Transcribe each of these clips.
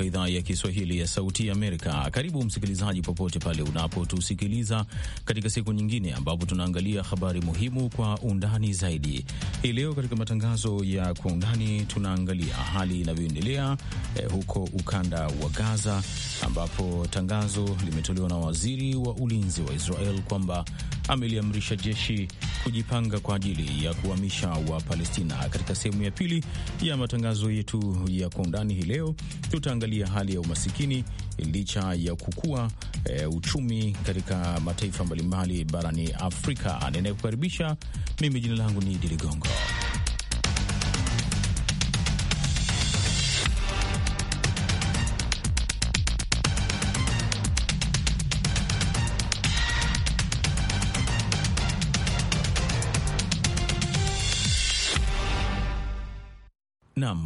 kutoka idhaa ya Kiswahili ya Sauti ya Amerika. Karibu msikilizaji, popote pale unapotusikiliza katika siku nyingine ambapo tunaangalia habari muhimu kwa undani zaidi. Hii leo katika matangazo ya kwa undani tunaangalia hali inavyoendelea eh, huko ukanda wa Gaza ambapo tangazo limetolewa na waziri wa ulinzi wa Israel kwamba ameliamrisha jeshi kujipanga kwa ajili ya kuhamisha wa palestina Katika sehemu ya pili ya matangazo yetu ya kwa undani hii leo, tutaangalia hali ya umasikini licha ya kukua e, uchumi katika mataifa mbalimbali barani Afrika. Ninayekukaribisha mimi, jina langu ni Idi Ligongo.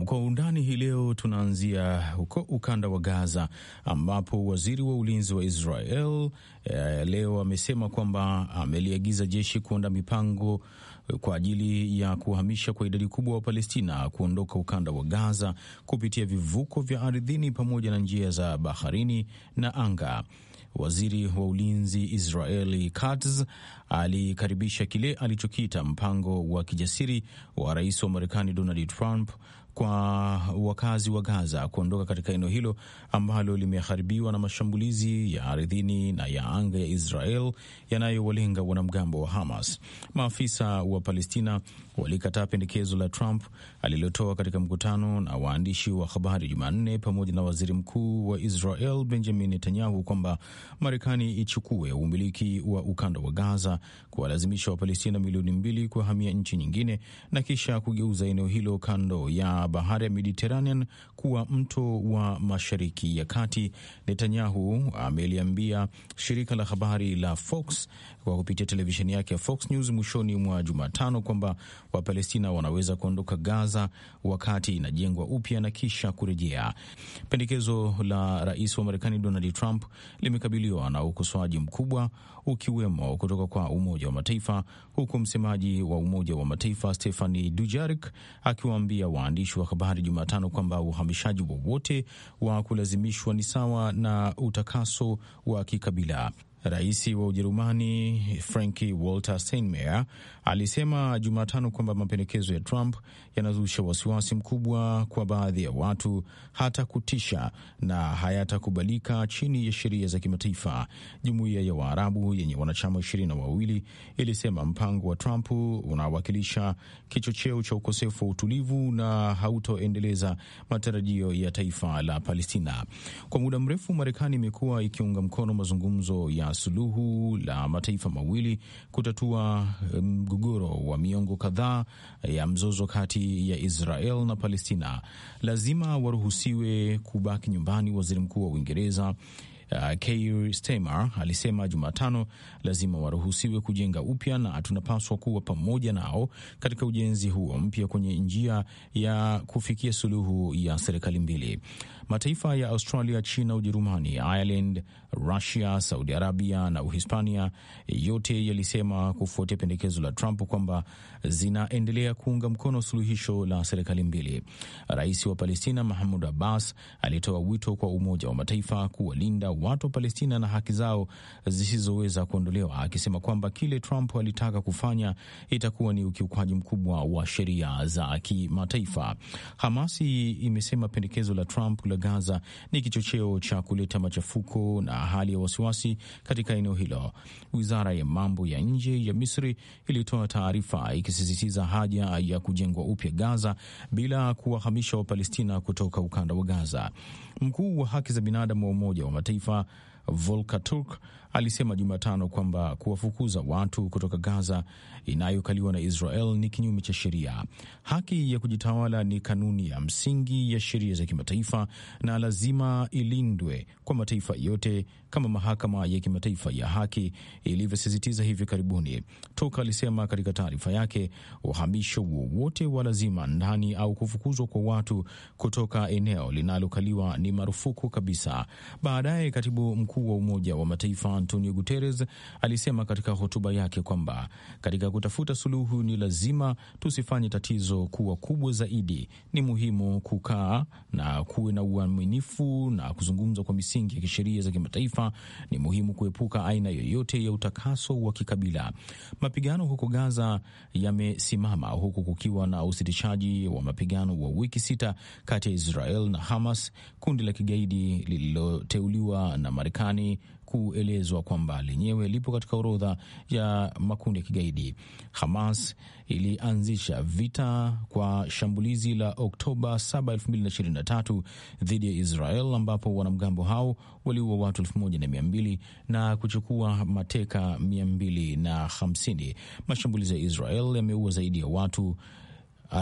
kwa undani hii leo tunaanzia huko ukanda wa Gaza ambapo waziri wa ulinzi wa Israel eh, leo amesema kwamba ameliagiza jeshi kuunda mipango kwa ajili ya kuhamisha kwa idadi kubwa wa Palestina kuondoka ukanda wa Gaza kupitia vivuko vya ardhini pamoja na njia za baharini na anga. Waziri wa ulinzi Israeli Katz alikaribisha kile alichokiita mpango wa kijasiri wa rais wa Marekani Donald Trump kwa wakazi wa Gaza kuondoka katika eneo hilo ambalo limeharibiwa na mashambulizi ya ardhini na ya anga ya Israel yanayowalenga wanamgambo wa Hamas. Maafisa wa Palestina walikataa pendekezo la Trump alilotoa katika mkutano na waandishi wa habari Jumanne pamoja na waziri mkuu wa Israel Benjamin Netanyahu kwamba Marekani ichukue umiliki wa ukanda wa Gaza, kuwalazimisha Wapalestina milioni mbili kuhamia nchi nyingine na kisha kugeuza eneo hilo kando ya bahari ya Mediterranean kuwa mto wa Mashariki ya Kati, Netanyahu ameliambia shirika la habari la Fox kwa kupitia televisheni yake ya Fox News mwishoni mwa Jumatano kwamba Wapalestina wanaweza kuondoka Gaza wakati inajengwa upya na kisha kurejea. Pendekezo la rais wa Marekani Donald Trump limekabiliwa na ukosoaji mkubwa ukiwemo kutoka kwa Umoja wa Mataifa, huku msemaji wa Umoja wa Mataifa Stephani Dujarik akiwaambia waandishi wa habari Jumatano kwamba uhamishaji wowote wa, wa kulazimishwa ni sawa na utakaso wa kikabila. Rais wa Ujerumani Frank Walter Steinmeier alisema Jumatano kwamba mapendekezo ya Trump yanazusha wasiwasi mkubwa kwa baadhi ya watu, hata kutisha, na hayatakubalika chini ya sheria za kimataifa. Jumuiya ya Waarabu yenye wanachama ishirini na wawili ilisema mpango wa Trump unawakilisha kichocheo cha ukosefu wa utulivu na hautoendeleza matarajio ya taifa la Palestina. Kwa muda mrefu, Marekani imekuwa ikiunga mkono mazungumzo ya suluhu la mataifa mawili kutatua eh, mgogoro wa miongo kadhaa ya mzozo kati ya Israel na Palestina, lazima waruhusiwe kubaki nyumbani. Waziri Mkuu wa Uingereza uh, Keir Starmer alisema Jumatano lazima waruhusiwe kujenga upya na tunapaswa kuwa pamoja nao katika ujenzi huo mpya kwenye njia ya kufikia suluhu ya serikali mbili. Mataifa ya Australia, China, Ujerumani, Ireland, Russia, Saudi Arabia na Uhispania yote yalisema kufuatia pendekezo la Trump kwamba zinaendelea kuunga mkono suluhisho la serikali mbili. Rais wa Palestina Mahmud Abbas alitoa wito kwa Umoja wa Mataifa kuwalinda watu wa Palestina na haki zao zisizoweza kuondolewa, akisema kwamba kile Trump alitaka kufanya itakuwa ni ukiukwaji mkubwa wa sheria za kimataifa. Hamasi imesema pendekezo la Trump la Gaza ni kichocheo cha kuleta machafuko na hali ya wasiwasi katika eneo hilo. Wizara ya mambo ya nje ya Misri ilitoa taarifa ikisisitiza haja ya kujengwa upya Gaza bila kuwahamisha Wapalestina kutoka ukanda wa Gaza mkuu wa haki za binadamu wa Umoja wa Mataifa Volker Turk alisema Jumatano kwamba kuwafukuza watu kutoka Gaza inayokaliwa na Israel ni kinyume cha sheria. Haki ya kujitawala ni kanuni ya msingi ya sheria za kimataifa na lazima ilindwe kwa mataifa yote, kama mahakama ya kimataifa ya haki ilivyosisitiza hivi karibuni. Toka alisema katika taarifa yake, uhamisho wowote wa lazima ndani au kufukuzwa kwa watu kutoka eneo linalokaliwa ni marufuku kabisa. Baadaye katibu mkuu wa Umoja wa Mataifa Antonio Guterres alisema katika hotuba yake kwamba katika kutafuta suluhu ni lazima tusifanye tatizo kuwa kubwa zaidi. Ni muhimu kukaa na kuwe na uaminifu na kuzungumza kwa misingi ya kisheria za kimataifa. Ni muhimu kuepuka aina yoyote ya utakaso wa kikabila. Mapigano huko Gaza yamesimama huku kukiwa na usitishaji wa mapigano wa wiki sita kati ya Israel na Hamas, kundi la kigaidi lililoteuliwa na Marekani kuelezwa kwamba lenyewe lipo katika orodha ya makundi ya kigaidi. Hamas ilianzisha vita kwa shambulizi la Oktoba 7, 2023 dhidi ya Israel ambapo wanamgambo hao waliua watu 1200 na kuchukua mateka 250. Mashambulizi ya Israel yameua zaidi ya watu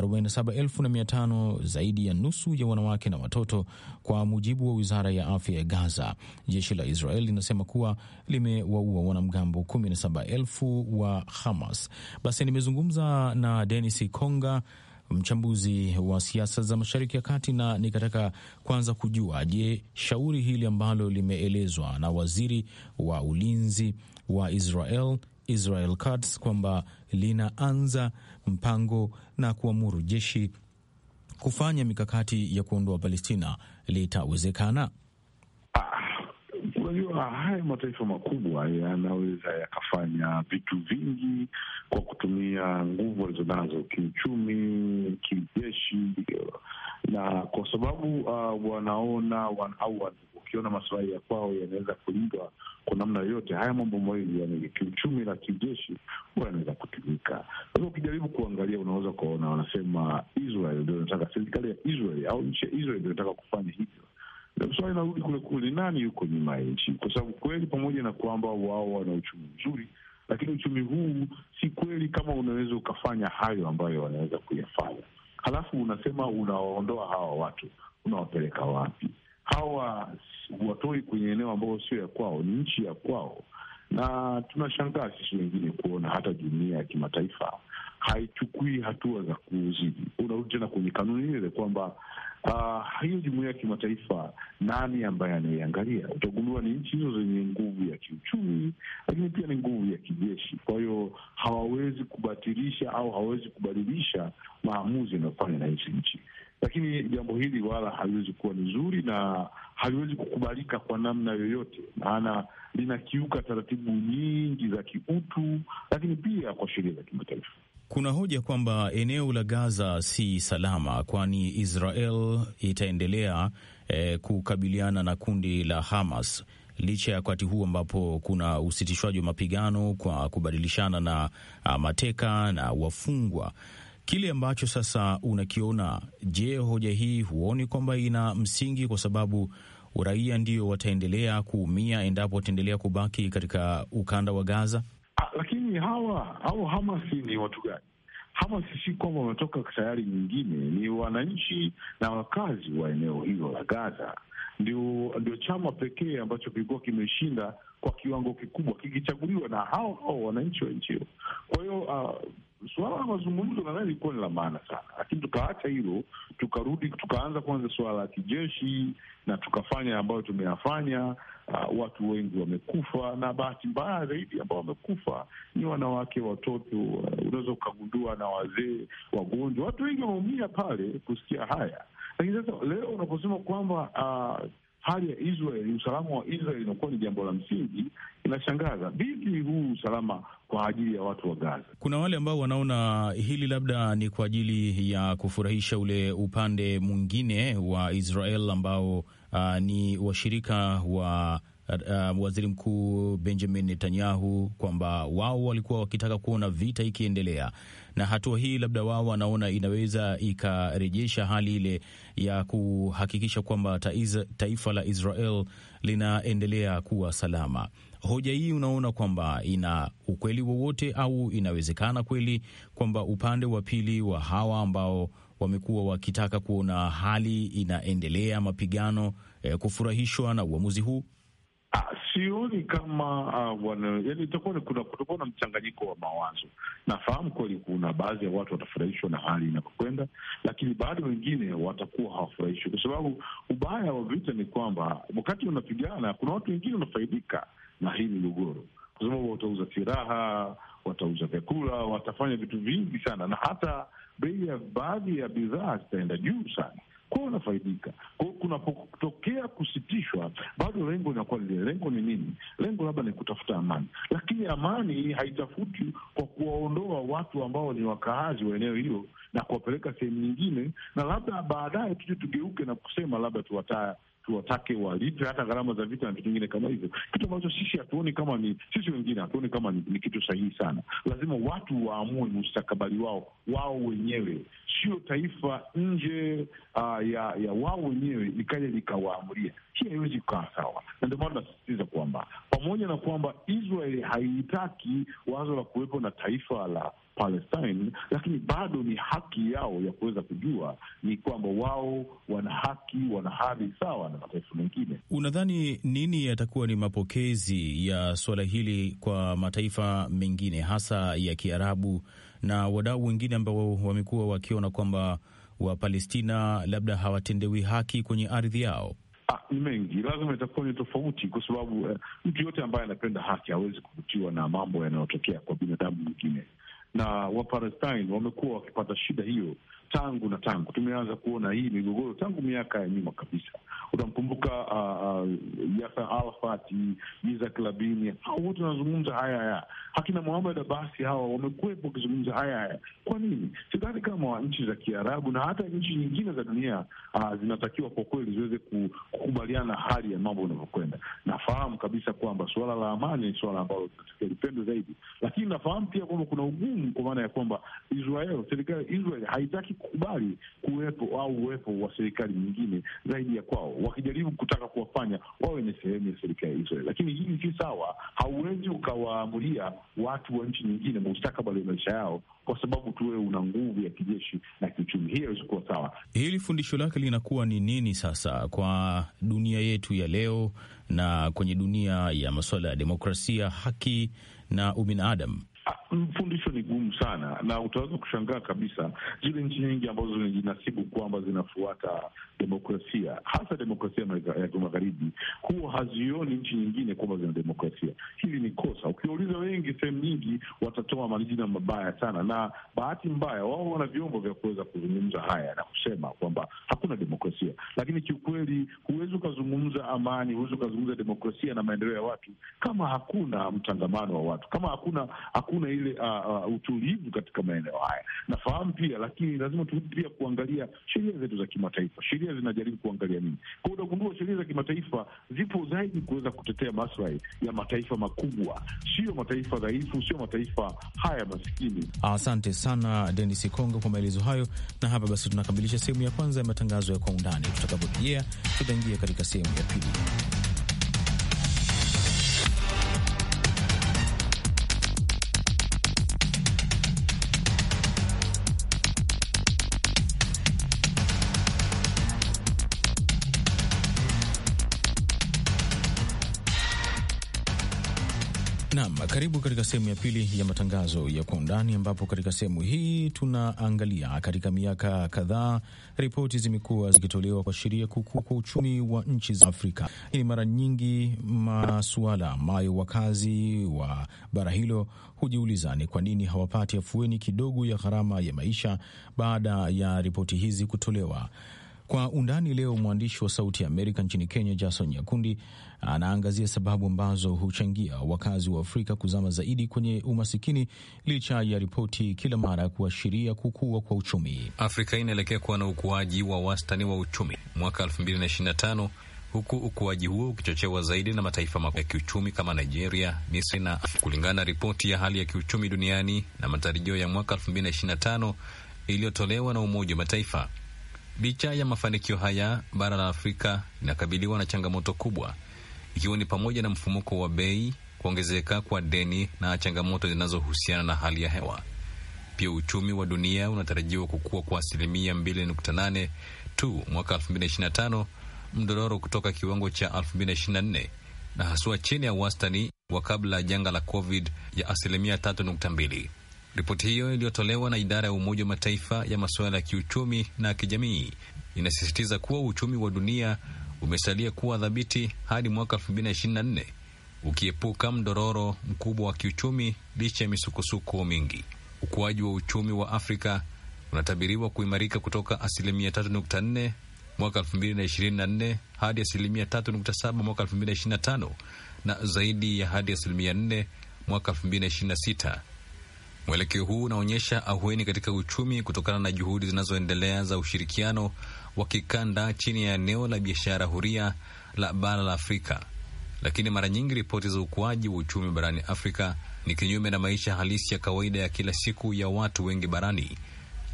47,500 zaidi ya nusu ya wanawake na watoto, kwa mujibu wa wizara ya afya ya Gaza. Jeshi la Israel linasema kuwa limewaua wanamgambo 17,000 wa Hamas. Basi nimezungumza na Denis Konga, mchambuzi wa siasa za Mashariki ya Kati, na nikataka kwanza kujua, je, shauri hili ambalo limeelezwa na waziri wa ulinzi wa Israel Israel Katz kwamba linaanza mpango na kuamuru jeshi kufanya mikakati ya kuondoa Palestina litawezekana? Unajua, haya mataifa makubwa yanaweza yakafanya vitu vingi kwa kutumia nguvu walizonazo kiuchumi, kijeshi, na kwa sababu uh, wanaona wan, au ukiona masilahi ya kwao yanaweza kulindwa kwa namna yoyote, haya mambo mawili yani kiuchumi na kijeshi huwa yanaweza kutumika. kwahio ukijaribu kuangalia, unaweza ukaona wanasema Israel ndio inataka serikali ya Israel au nchi ya Israel ndio inataka kufanya hivyo Swali inarudi kule kule, nani yuko nyuma ya nchi? Kwa sababu kweli, pamoja na kwamba wao wana uchumi mzuri, lakini uchumi huu si kweli kama unaweza ukafanya hayo ambayo wanaweza kuyafanya, halafu unasema unawaondoa hawa watu, unawapeleka wapi? Hawa watoi kwenye eneo ambayo sio ya kwao, ni nchi ya kwao, na tunashangaa sisi wengine kuona hata jumuia ya kimataifa haichukui hatua za kuzidi. Unarudi tena kwenye kanuni ile kwamba uh, hiyo jumuia ya kimataifa nani ambaye anaiangalia? Utagundua ni nchi hizo zenye nguvu ya kiuchumi, lakini pia ni nguvu ya kijeshi. Kwa hiyo hawawezi kubatilisha au hawawezi kubadilisha maamuzi yanayofanywa na hizi nchi, lakini jambo hili wala haliwezi kuwa ni zuri na haliwezi kukubalika kwa namna yoyote, maana linakiuka taratibu nyingi za kiutu, lakini pia kwa sheria za kimataifa. Kuna hoja kwamba eneo la Gaza si salama, kwani Israel itaendelea eh, kukabiliana na kundi la Hamas licha ya wakati huu ambapo kuna usitishwaji wa mapigano kwa kubadilishana na a, ah, mateka na wafungwa. Kile ambacho sasa unakiona, je, hoja hii huoni kwamba ina msingi, kwa sababu raia ndio wataendelea kuumia endapo wataendelea kubaki katika ukanda wa Gaza? nani hawa au Hamasi ni watu gani? Hamasi si kwamba wametoka sayari nyingine, ni wananchi na wakazi wa eneo hilo la Gaza. Ndio, ndio chama pekee ambacho kilikuwa kimeshinda kwa kiwango kikubwa kikichaguliwa na hao hao wananchi wa nchi hiyo. Kwa hiyo uh, suala la mazungumzo nadhani ilikuwa ni la maana sana, lakini tukaacha hilo tukarudi tukaanza kwanza suala la kijeshi na tukafanya ambayo tumeyafanya uh, watu wengi wamekufa, na bahati mbaya zaidi ambao wamekufa ni wanawake, watoto, uh, unaweza ukagundua na wazee, wagonjwa, watu wengi wameumia pale kusikia haya. Lakini sasa leo unaposema kwamba uh, hali ya Israel, usalama wa Israel inakuwa ni jambo la msingi, inashangaza vipi huu usalama kwa ajili ya watu wa Gaza. Kuna wale ambao wanaona hili labda ni kwa ajili ya kufurahisha ule upande mwingine wa Israel ambao uh, ni washirika wa Uh, waziri mkuu Benjamin Netanyahu kwamba wao walikuwa wakitaka kuona vita ikiendelea, na hatua hii labda wao wanaona inaweza ikarejesha hali ile ya kuhakikisha kwamba taifa la Israel linaendelea kuwa salama. Hoja hii unaona kwamba ina ukweli wowote au inawezekana kweli kwamba upande wa pili wa hawa ambao wamekuwa wakitaka kuona hali inaendelea mapigano eh, kufurahishwa na uamuzi huu? Ah, sioni kama ah, wana yani itakuwa kuna kutakuwa na mchanganyiko wa mawazo. Nafahamu kweli kuna baadhi ya watu watafurahishwa na hali inavyokwenda, lakini bado wengine watakuwa hawafurahishwi, kwa sababu ubaya wa vita ni kwamba wakati unapigana, kuna watu wengine wanafaidika na hii migogoro, kwa sababu watauza silaha, watauza vyakula, watafanya vitu vingi sana na hata bei ya baadhi ya bidhaa zitaenda juu sana kwao, unafaidika kwao. Kunapotokea kusitishwa, bado lengo linakuwa lile. Lengo ni nini? Lengo labda ni kutafuta amani, lakini amani haitafuti kwa kuwaondoa watu ambao ni wakaazi wa eneo hilo na kuwapeleka sehemu nyingine, na labda baadaye tuje tugeuke na kusema labda tuwataa tuwatake walipe hata gharama za vita na vitu vingine kama hivyo, kitu ambacho sisi hatuoni kama ni sisi wengine hatuoni kama ni, ni kitu sahihi sana. Lazima watu waamue mustakabali wao wao wenyewe, sio taifa nje uh, ya ya wao wenyewe likaja likawaamulia. Hii haiwezi kukaa sawa, na ndio maana nasisitiza kwamba pamoja na kwamba Israeli haitaki wazo la kuwepo na taifa la Palestine, lakini bado ni haki yao ya kuweza kujua ni kwamba wao wana haki, wana hadhi sawa na mataifa mengine. Unadhani nini yatakuwa ni mapokezi ya suala hili kwa mataifa mengine hasa ya Kiarabu na wadau wengine ambao wamekuwa wakiona kwamba Wapalestina labda hawatendewi haki kwenye ardhi yao? Ah, ni mengi, lazima itakuwa ni tofauti, kwa sababu eh, mtu uh, yote ambaye anapenda haki hawezi kuvutiwa na mambo yanayotokea kwa binadamu mwingine na Wapalestine wamekuwa wakipata shida hiyo tangu na tangu tumeanza kuona hii migogoro tangu miaka ya nyuma kabisa. Utamkumbuka uh, uh Yasser Arafat, Yitzhak Rabin, hao wote wanazungumza haya haya. Hakina Muhammad Abasi, hawa wamekuwepo wakizungumza haya haya. Kwa nini? Sidhani kama nchi za Kiarabu na hata nchi nyingine za dunia uh, zinatakiwa kwa kweli ziweze kukubaliana hali ya mambo inavyokwenda. Nafahamu kabisa kwamba suala la amani ni suala ambalo linatakiwa lipendwe zaidi, lakini nafahamu pia kwamba kuna ugumu, kwa maana ya kwamba Israel, serikali ya Israel haitaki hawakukubali kuwepo au uwepo wa serikali nyingine zaidi ya kwao, wakijaribu kutaka kuwafanya wawe ni sehemu ya serikali ya Lakini hili si sawa, hauwezi ukawaamulia watu wa nchi nyingine mustakabali wa maisha yao kwa sababu wewe una nguvu ya kijeshi na kiuchumi. hii haiwezi kuwa sawa. Hili fundisho lake linakuwa ni nini sasa kwa dunia yetu ya leo na kwenye dunia ya masuala ya demokrasia, haki na ubinadamu? Ah, mfundisho ni gumu sana, na utaweza kushangaa kabisa zile nchi nyingi ambazo zinajinasibu kwamba zinafuata demokrasia, hasa demokrasia ya magharibi, huwa hazioni nchi nyingine kwamba zina demokrasia. Hili ni kosa. Ukiwauliza wengi, sehemu nyingi watatoa majina mabaya sana, na bahati mbaya wao wana vyombo vya kuweza kuzungumza haya na kusema kwamba hakuna demokrasia, lakini kiukweli, huwezi ukazungumza amani, huwezi ukazungumza demokrasia na maendeleo ya watu kama hakuna mtangamano wa watu, kama hakuna, hakuna hakuna ile uh, uh, utulivu katika maeneo haya, nafahamu pia, lakini lazima tu pia kuangalia sheria zetu za kimataifa. Sheria zinajaribu kuangalia nini? Kwa utagundua sheria za kimataifa zipo zaidi kuweza kutetea maslahi ya mataifa makubwa, sio mataifa dhaifu, sio mataifa haya masikini. Asante sana Denis Kongo kwa maelezo hayo, na hapa basi tunakamilisha sehemu ya kwanza ya matangazo ya kwa undani. Tutakapojia tutaingia katika sehemu ya pili. Karibu katika sehemu ya pili ya matangazo ya kwa undani, ambapo katika sehemu hii tunaangalia, katika miaka kadhaa ripoti zimekuwa zikitolewa kwa sheria kukua kwa uchumi wa nchi za Afrika. Ni mara nyingi masuala ambayo wakazi wa bara hilo hujiuliza ni kwa nini hawapati afueni kidogo ya gharama ya maisha baada ya ripoti hizi kutolewa. Kwa undani leo, mwandishi wa Sauti ya Amerika nchini Kenya, Jason Nyakundi anaangazia sababu ambazo huchangia wakazi wa Afrika kuzama zaidi kwenye umasikini licha ya ripoti kila mara kuashiria kukua kwa uchumi. Afrika inaelekea kuwa na ukuaji wa wastani wa uchumi mwaka 2025 huku ukuaji huo ukichochewa zaidi na mataifa makuu ya kiuchumi kama Nigeria, Misri na kulingana na ripoti ya hali ya kiuchumi duniani na matarajio ya mwaka 2025 iliyotolewa na Umoja wa Mataifa. Licha ya mafanikio haya, bara la Afrika linakabiliwa na changamoto kubwa, ikiwa ni pamoja na mfumuko wa bei, kuongezeka kwa deni na changamoto zinazohusiana na hali ya hewa. Pia uchumi wa dunia unatarajiwa kukua kwa asilimia 2.8 tu mwaka 2025, mdororo kutoka kiwango cha 2024 na haswa chini ya wastani wa kabla ya janga la COVID ya asilimia 3.2. Ripoti hiyo iliyotolewa na idara ya Umoja wa Mataifa ya masuala ya kiuchumi na kijamii inasisitiza kuwa uchumi wa dunia umesalia kuwa dhabiti hadi mwaka 2024 ukiepuka mdororo mkubwa wa kiuchumi licha ya misukosuko mingi. Ukuaji wa uchumi wa Afrika unatabiriwa kuimarika kutoka asilimia 3.4 mwaka 2024 hadi asilimia 3.7 mwaka 2025 na zaidi ya hadi asilimia 4 mwaka 2026 Mwelekeo huu unaonyesha ahueni katika uchumi kutokana na juhudi zinazoendelea za ushirikiano wa kikanda chini ya eneo la biashara huria la bara la Afrika. Lakini mara nyingi ripoti za ukuaji wa uchumi barani Afrika ni kinyume na maisha halisi ya kawaida ya kila siku ya watu wengi barani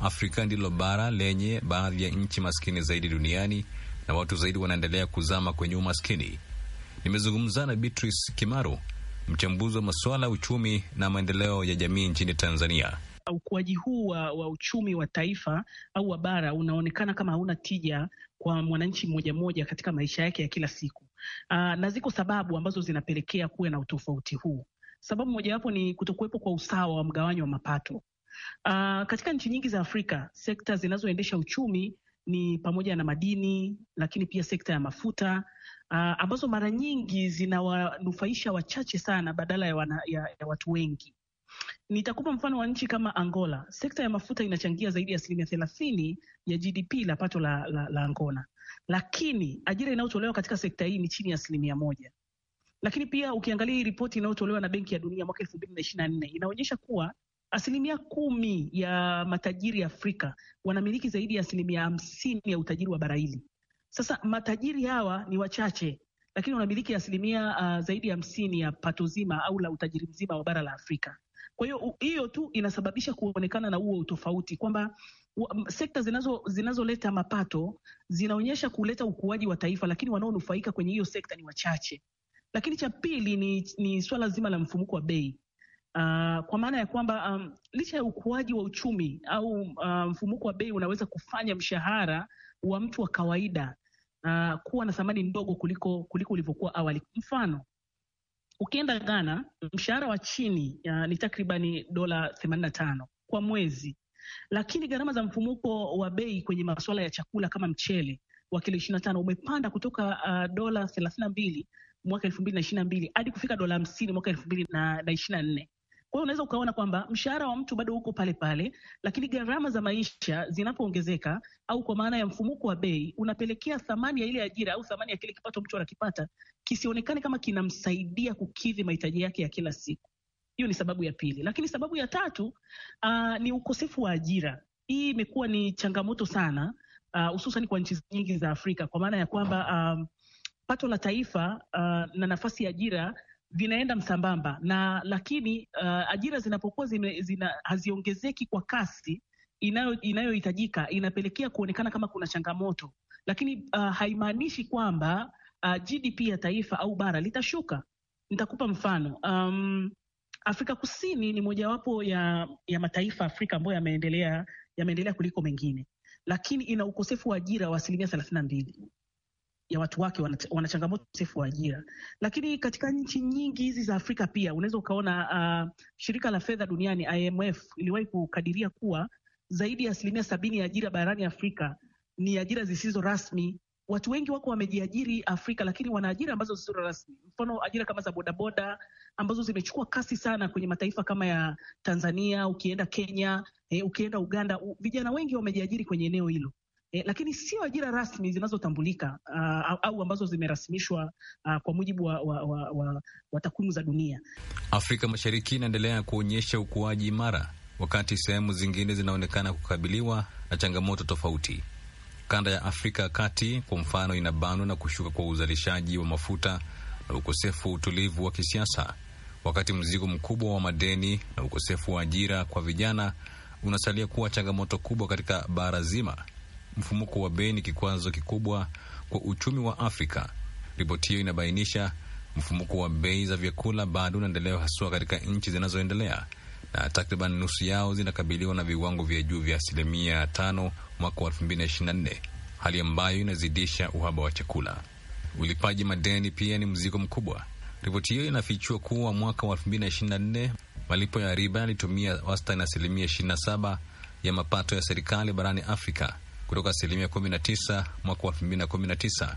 Afrika. Ndilo bara lenye baadhi ya nchi maskini zaidi duniani na watu zaidi wanaendelea kuzama kwenye umaskini. Nimezungumza na Beatrice Kimaro mchambuzi wa masuala ya uchumi na maendeleo ya jamii nchini Tanzania. Ukuaji huu wa, wa uchumi wa taifa au wa bara unaonekana kama hauna tija kwa mwananchi mmoja mmoja katika maisha yake ya kila siku. Aa, ah, na ziko sababu ambazo zinapelekea kuwe na utofauti huu. Sababu mojawapo ni kutokuwepo kwa usawa wa mgawanyo wa mapato. Aa, ah, katika nchi nyingi za Afrika sekta zinazoendesha uchumi ni pamoja na madini, lakini pia sekta ya mafuta, uh, ambazo mara nyingi zinawanufaisha wachache sana badala ya, wana, ya, ya watu wengi. Nitakupa mfano wa nchi kama Angola. Sekta ya mafuta inachangia zaidi ya asilimia thelathini ya GDP la pato la, la, la Angola, lakini ajira inayotolewa katika sekta hii ni chini ya asilimia moja. Lakini pia ukiangalia hii ripoti inayotolewa na Benki ya Dunia mwaka elfu mbili na ishirini na nne inaonyesha kuwa asilimia kumi ya matajiri Afrika wanamiliki zaidi ya asilimia hamsini ya utajiri wa bara hili. Sasa matajiri hawa ni wachache, lakini wanamiliki asilimia uh, zaidi ya hamsini ya pato zima au la utajiri mzima wa bara la Afrika. Kwa hiyo hiyo tu inasababisha kuonekana na huo utofauti kwamba sekta zinazo zinazoleta mapato zinaonyesha kuleta ukuaji wa taifa, lakini wanaonufaika kwenye hiyo sekta ni wachache. Lakini cha pili ni, ni swala zima la mfumuko wa bei uh, kwa maana ya kwamba um, licha ya ukuaji wa uchumi au uh, mfumuko wa bei unaweza kufanya mshahara wa mtu wa kawaida uh, kuwa na thamani ndogo kuliko kuliko ulivyokuwa awali. Mfano, ukienda Ghana, mshahara wa chini uh, ni takribani dola themanini na tano kwa mwezi, lakini gharama za mfumuko wa bei kwenye masuala ya chakula kama mchele wa kilo ishirini na tano umepanda kutoka uh, dola thelathini na mbili mwaka elfu mbili na ishirini na mbili hadi kufika dola hamsini mwaka elfu mbili na ishirini na nne kwa hiyo unaweza ukaona kwamba mshahara wa mtu bado uko pale pale, lakini gharama za maisha zinapoongezeka au kwa maana ya mfumuko wa bei unapelekea thamani ya ile ajira au thamani ya kile kipato mtu anakipata kisionekane kama kinamsaidia kukidhi mahitaji yake ya kila siku. Hiyo ni sababu ya pili, lakini sababu ya tatu aa, ah, ni ukosefu wa ajira. Hii imekuwa ni changamoto sana ah, hususan uh, kwa nchi nyingi za Afrika kwa maana ya kwamba um, pato la taifa uh, na nafasi ya ajira vinaenda msambamba na, lakini uh, ajira zinapokuwa zina, zina, haziongezeki kwa kasi inayohitajika inayo inapelekea kuonekana kama kuna changamoto, lakini uh, haimaanishi kwamba uh, GDP ya taifa au bara litashuka. Nitakupa mfano um, Afrika Kusini ni mojawapo ya, ya mataifa Afrika ambayo yameendelea yameendelea kuliko mengine, lakini ina ukosefu wa ajira wa asilimia thelathini na mbili ya watu wake wana changamoto ukosefu wa ajira, lakini katika nchi nyingi hizi za Afrika pia unaweza ukaona uh, shirika la fedha duniani IMF iliwahi kukadiria kuwa zaidi ya asilimia sabini ya ajira barani Afrika ni ajira zisizo rasmi. Watu wengi wako wamejiajiri Afrika, lakini wana ajira ambazo zisizo rasmi, mfano ajira kama za bodaboda ambazo zimechukua kasi sana kwenye mataifa kama ya Tanzania, ukienda Kenya eh, ukienda Uganda, vijana wengi wamejiajiri kwenye eneo hilo. E, lakini sio ajira rasmi zinazotambulika uh, au ambazo zimerasimishwa uh, kwa mujibu wa, wa, wa, wa, wa takwimu za dunia. Afrika Mashariki inaendelea kuonyesha ukuaji imara, wakati sehemu zingine zinaonekana kukabiliwa na changamoto tofauti. Kanda ya Afrika ya Kati kwa mfano inabanwa na kushuka kwa uzalishaji wa mafuta na ukosefu wa utulivu wa kisiasa, wakati mzigo mkubwa wa madeni na ukosefu wa ajira kwa vijana unasalia kuwa changamoto kubwa katika bara zima mfumuko wa bei ni kikwazo kikubwa kwa uchumi wa Afrika. Ripoti hiyo inabainisha mfumuko wa bei za vyakula bado unaendelea haswa katika nchi zinazoendelea na takriban nusu yao zinakabiliwa na viwango vya juu vya asilimia tano mwaka wa elfu mbili na ishirini na nne, hali ambayo inazidisha uhaba wa chakula. Ulipaji madeni pia ni mzigo mkubwa. Ripoti hiyo inafichua kuwa mwaka wa elfu mbili na ishirini na nne malipo ya riba yalitumia wastani asilimia ishirini na saba ya mapato ya serikali barani Afrika, kutoka asilimia 19 mwaka wa 2019.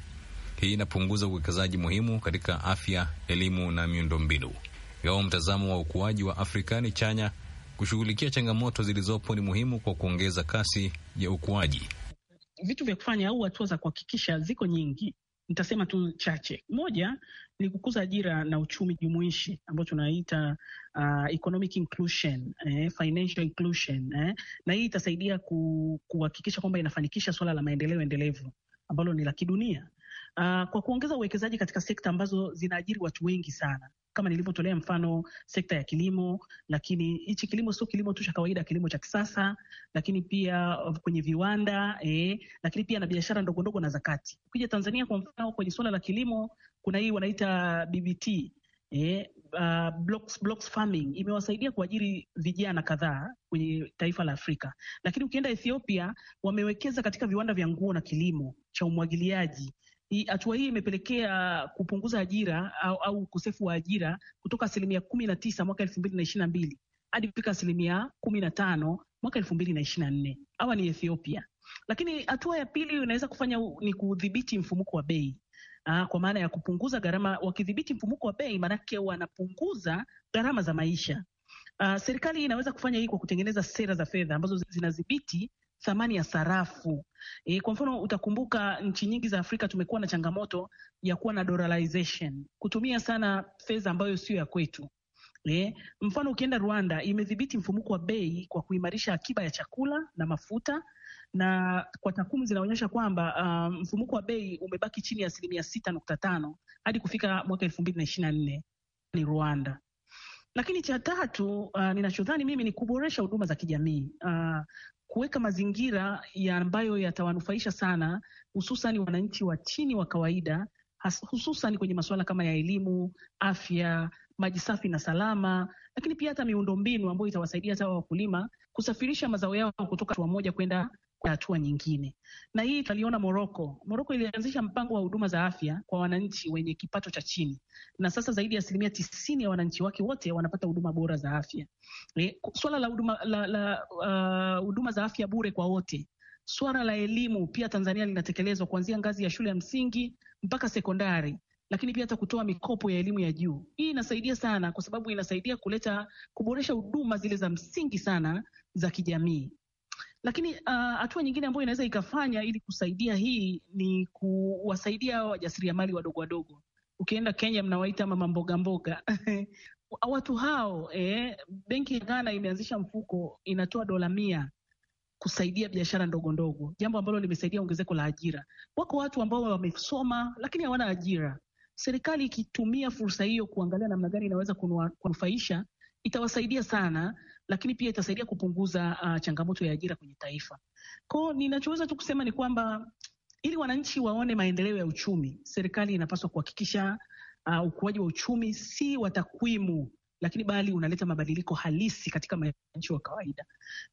Hii inapunguza uwekezaji muhimu katika afya, elimu na miundombinu. Ingawa mtazamo wa ukuaji wa Afrika ni chanya, kushughulikia changamoto zilizopo ni muhimu kwa kuongeza kasi ya ukuaji. Vitu vya kufanya au hatua za kuhakikisha ziko nyingi, nitasema tu chache. Moja ni kukuza ajira na uchumi jumuishi ambao tunaita uh, economic inclusion, eh, financial inclusion eh, na hii itasaidia ku, kuhakikisha kwamba inafanikisha suala la maendeleo endelevu ambalo ni la kidunia. Uh, kwa kuongeza uwekezaji katika sekta ambazo zinaajiri watu wengi sana kama nilivyotolea mfano sekta ya kilimo, lakini hichi kilimo sio kilimo tu cha kawaida, kilimo cha kisasa, lakini pia uh, kwenye viwanda eh, lakini pia na biashara ndogo ndogo na zakati. Ukija Tanzania kwa mfano, kwenye suala la kilimo kuna hii wanaita BBT eh, Uh, blocks, blocks farming imewasaidia kuajiri vijana kadhaa kwenye taifa la Afrika, lakini ukienda Ethiopia wamewekeza katika viwanda vya nguo na kilimo cha umwagiliaji hatua hii imepelekea kupunguza ajira au, au ukosefu wa ajira kutoka asilimia kumi na tisa mwaka elfu mbili na ishirini na mbili hadi kufika asilimia kumi na tano mwaka elfu mbili na ishirini na nne Hawa ni Ethiopia. Lakini hatua ya pili inaweza kufanya ni kudhibiti mfumuko wa bei. Aa, ah, kwa maana ya kupunguza gharama. Wakidhibiti mfumuko wa bei, maanake wanapunguza gharama za maisha. Aa, ah, serikali inaweza kufanya hii kwa kutengeneza sera za fedha ambazo zinadhibiti thamani ya sarafu. E, kwa mfano utakumbuka nchi nyingi za Afrika tumekuwa na changamoto ya kuwa na dollarization, kutumia sana fedha ambayo sio ya kwetu. E, mfano ukienda Rwanda imedhibiti mfumuko wa bei kwa kuimarisha akiba ya chakula na mafuta, na kwa takwimu zinaonyesha kwamba uh, mfumuko wa bei umebaki chini ya asilimia sita nukta tano hadi kufika mwaka elfu mbili na ishirini na nne ni Rwanda. Lakini cha tatu uh, ninachodhani mimi ni kuboresha huduma za kijamii uh, kuweka mazingira ya ambayo yatawanufaisha sana hususan wananchi wa chini wa kawaida hususan kwenye masuala kama ya elimu, afya, maji safi na salama, lakini pia hata miundombinu ambayo itawasaidia hata wakulima kusafirisha mazao yao kutoka hatua moja kwenda kwa hatua nyingine, na hii tutaliona Moroko. Moroko ilianzisha mpango wa huduma za afya kwa wananchi wenye kipato cha chini, na sasa zaidi ya asilimia tisini ya wananchi wake wote wanapata huduma bora za afya. E, swala la huduma la, la, uh, za afya bure kwa wote swala la elimu pia Tanzania linatekelezwa kuanzia ngazi ya shule ya msingi mpaka sekondari, lakini pia hata kutoa mikopo ya elimu ya juu. Hii inasaidia sana, kwa sababu inasaidia kuleta kuboresha huduma zile za msingi sana za kijamii. Lakini uh, hatua uh, nyingine ambayo inaweza ikafanya ili kusaidia hii ni kuwasaidia wajasiriamali wadogo wadogo. Ukienda Kenya mnawaita mama mboga mboga watu hao eh, benki ya Ghana imeanzisha mfuko inatoa dola mia kusaidia biashara ndogo ndogo, jambo ambalo limesaidia ongezeko la ajira. Wako watu ambao wamesoma lakini hawana ajira. Serikali ikitumia fursa hiyo kuangalia namna gani inaweza kunufaisha, itawasaidia sana lakini pia itasaidia kupunguza uh, changamoto ya ajira kwenye taifa. Kwao ninachoweza tu kusema ni kwamba ili wananchi waone maendeleo ya uchumi, serikali inapaswa kuhakikisha uh, ukuaji wa uchumi si wa takwimu, lakini bali unaleta mabadiliko halisi katika wananchi wa kawaida,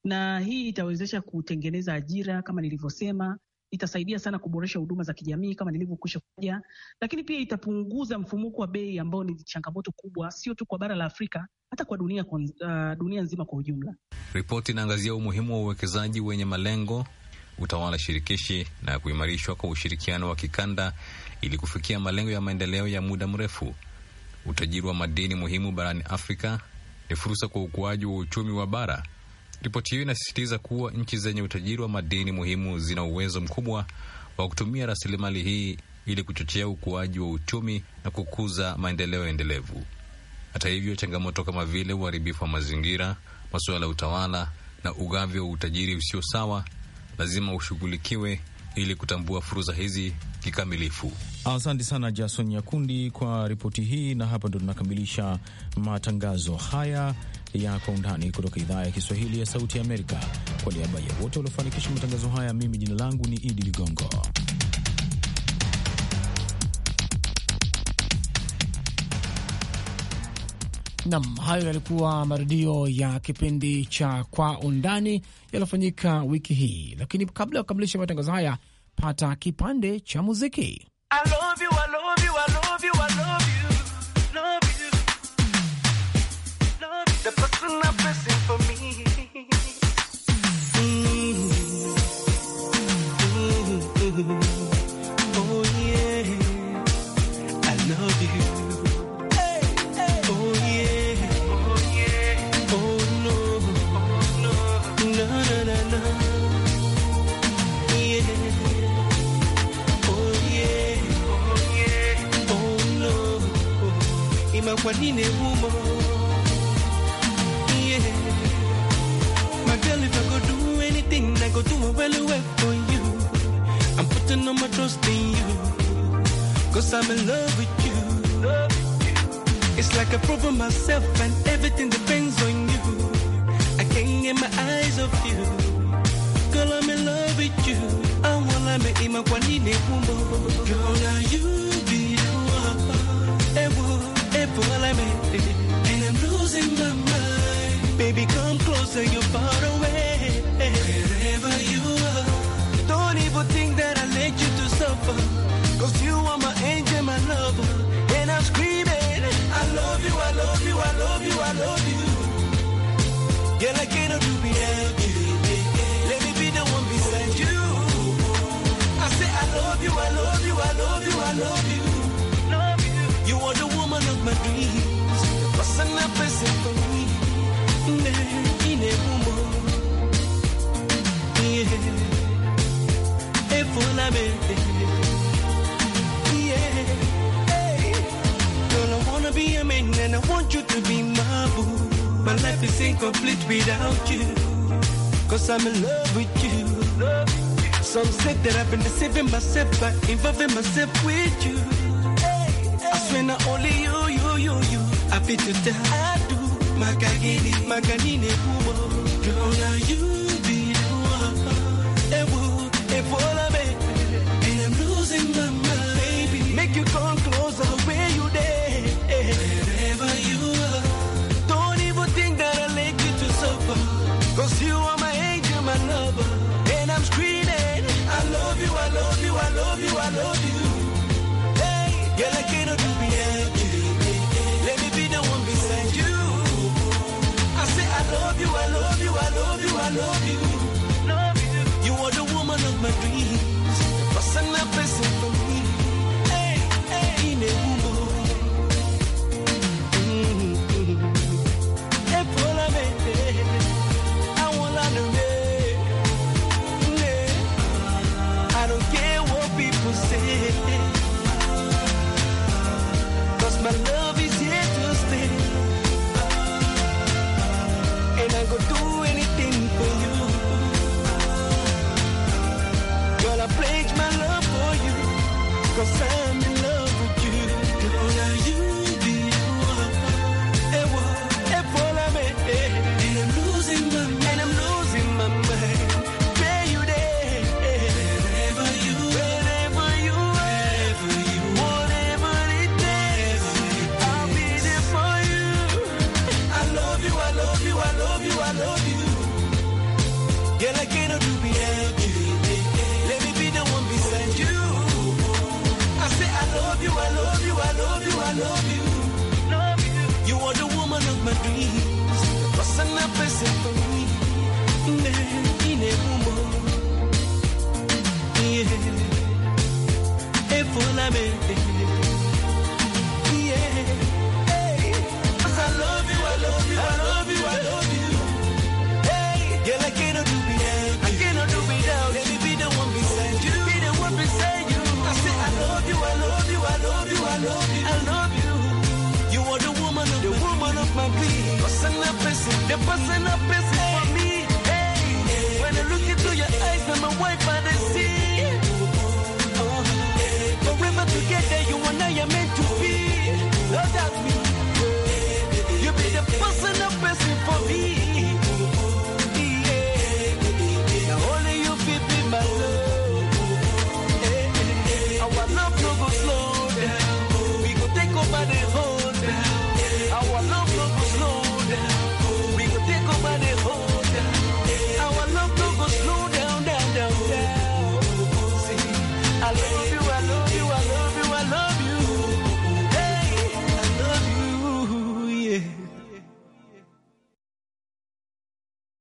na hii itawezesha kutengeneza ajira kama nilivyosema, itasaidia sana kuboresha huduma za kijamii kama nilivyokwisha kuja, lakini pia itapunguza mfumuko wa bei ambao ni changamoto kubwa, sio tu kwa bara la Afrika, hata kwa dunia, kwa, uh, dunia nzima kwa ujumla. Ripoti inaangazia umuhimu wa uwekezaji wenye malengo, utawala shirikishi na kuimarishwa kwa ushirikiano wa kikanda ili kufikia malengo ya maendeleo ya muda mrefu. Utajiri wa madini muhimu barani Afrika ni fursa kwa ukuaji wa uchumi wa bara Ripoti hiyo inasisitiza kuwa nchi zenye utajiri wa madini muhimu zina uwezo mkubwa wa kutumia rasilimali hii ili kuchochea ukuaji wa uchumi na kukuza maendeleo endelevu. Hata hivyo, changamoto kama vile uharibifu wa mazingira, masuala ya utawala na ugavi wa utajiri usio sawa lazima ushughulikiwe ili kutambua fursa hizi kikamilifu. Asante sana Jason Nyakundi kwa ripoti hii, na hapa ndo tunakamilisha matangazo haya ya Kwa Undani kutoka idhaa ya Kiswahili ya Sauti ya Amerika. Kwa niaba ya wote waliofanikisha matangazo haya, mimi jina langu ni Idi Ligongo. Nam, hayo yalikuwa marudio ya kipindi cha Kwa Undani yaliyofanyika wiki hii, lakini kabla ya kukamilisha matangazo haya, pata kipande cha muziki I love you, I love you, I love you. Kwa nini humo you. Cause I'm in love with you. It's like I've proven myself and everything depends on you. I can't get my eyes off you. Girl, I'm in love with you. I wanna make him my one in a Girl, are you the one? And I'm losing my mind. Baby, come closer, you're far away. Cause you are my angel, my lover. And I'm screaming, I love you, I love you, I love you, I love you. Girl, I cannot do without you. Let me be the one beside you. I say, I love you, I love you, I love you, I love you. you. are the woman of my dreams. for me? Yeah. If i and I want you to be my boo. My life is incomplete without you. Cause I'm in love with you. Some say that I've been deceiving myself by involving myself with you. I swear not only you, you, you, you. I feel to tell I do. Magagini, maganine, uwo. Girl, now you be the one. Ewo, And I'm losing my mind, baby. Make you call.